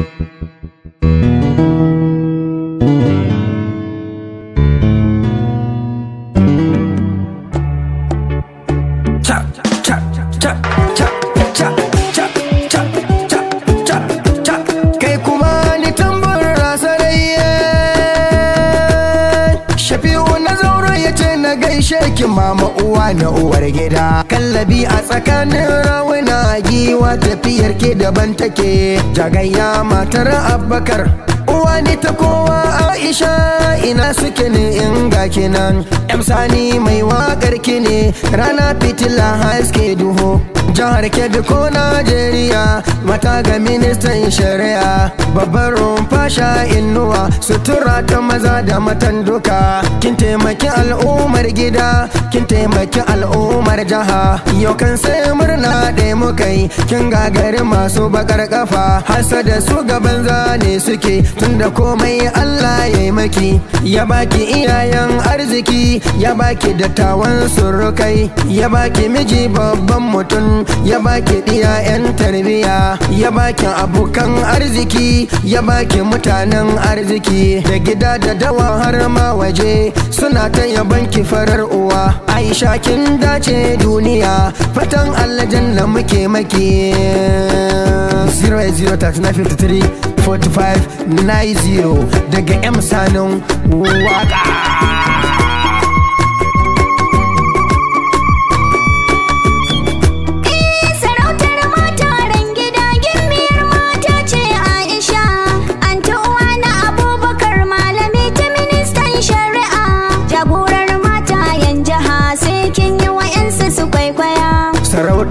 Chop, chop, chop, chop. gaishe ki mama uwa na uwar gida kallabi a tsakanin rawuna giwa tafiyar ke daban take jagayya matar abbakar uwa ni ta kowa aisha ina suke ne in ga kinan sani mai wakar ki ne rana fitila haske duhu jihar kebbi ko najeriya mata ga ministan shari'a babbar rumfa sha innuwa sutura ta maza da matan duka kin taimaki al'ummar gida kin taimaki al'ummar jaha yau kan sai murna da muka yi kin gagari masu bakar kafa hasa da su gaban zane suke tunda komai Allah ya yi maki ya baki iyayen arziki ya baki dattawan surukai ya baki miji babban mutum ya baki iyayen 'yan tarbiya ya baki abokan arziki ya baki mutanen arziki da gida da dawa har ma waje suna ta yaban ki farar uwa aisha kin dace duniya fatan da muke maki 003953 daga 'yan sanin waka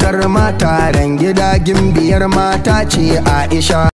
yar mata ran gida gimbiyar mata ce Aisha